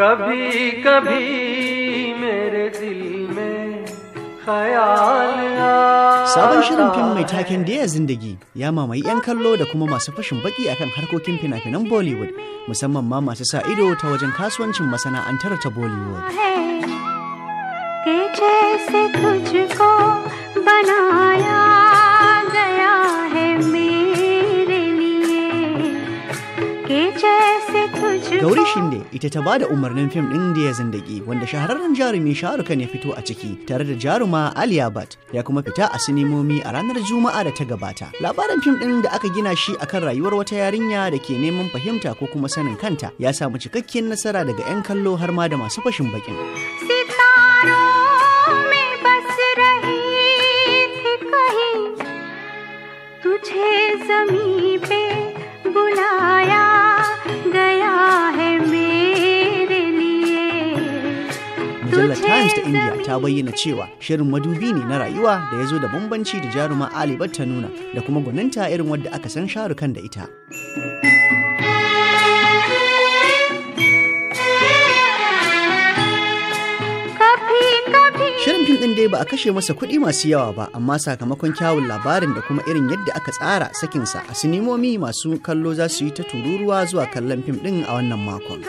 कभी कभी मेरे दिल में Sabon shirin fim mai taken da zindagi ya mamaye 'yan kallo da kuma masu fashin baki akan harkokin fina-finan Bollywood musamman ma masu sa ido ta wajen kasuwancin masana'antar ta Bollywood. Gauri Shinde ita ta bada umarnin fim ɗin da ya zindagi wanda shahararren jarumi Sharukan ya fito a ciki tare da jaruma Ali Abad ya kuma fita a sinimomi a ranar Juma'a da ta gabata. Labarin fim ɗin da aka gina shi akan rayuwar wata yarinya da ke neman fahimta ko kuma sanin kanta ya samu cikakkiyar nasara daga 'yan kallo har ma da masu fashin bakin. तुझे Mujallar Times ta India ta bayyana cewa shirin madubi ne na rayuwa da ya zo da bambanci da jaruma Ali ta nuna da kuma gwaninta irin wadda aka san sharukan da ita. Shirin fim ɗin dai ba a kashe masa kuɗi masu yawa ba, amma sakamakon kyawun labarin da kuma irin yadda aka tsara sakinsa a sinimomi masu kallo za su yi ta tururuwa zuwa kallon fim ɗin a wannan makon.